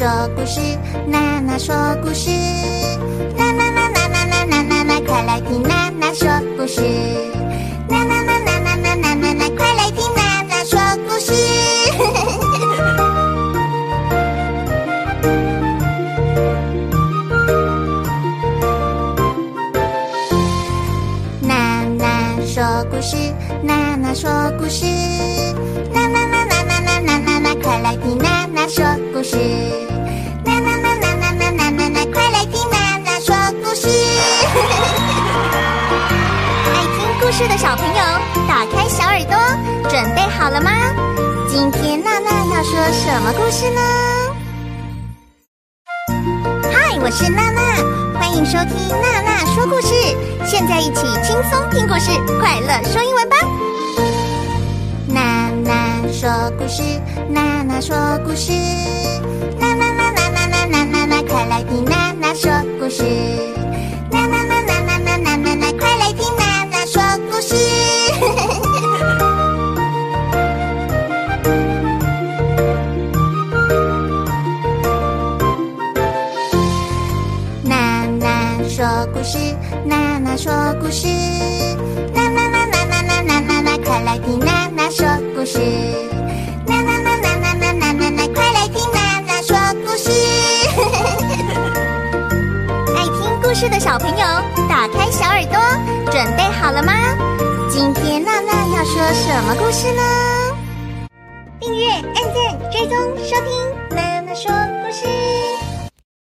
說故事，娜娜說故事，啦啦啦啦啦啦啦啦快來聽娜娜說故事，啦啦啦啦啦啦啦快來聽娜娜說故事。娜娜說故事，娜娜說故事，啦啦啦啦啦啦啦啦啦，快來聽娜娜說故事。的小朋友，打開小耳朵，準備好了嗎？今天娜娜要說什麼故事呢？嗨，我是娜娜，歡迎收聽娜娜說故事。現在一起輕鬆聽故事，快樂說英文吧。娜娜說故事，娜娜說故事，娜娜娜娜。說故事，娜娜說故事，娜娜娜娜娜娜娜娜娜快來聽娜娜說故事，娜娜娜娜娜娜娜娜快來聽娜娜說故事。愛聽故事的小朋友，打開小耳朵，準備好了嗎？今天娜娜要說什麼故事呢？訂閱按鍵追蹤收聽，娜娜說故事。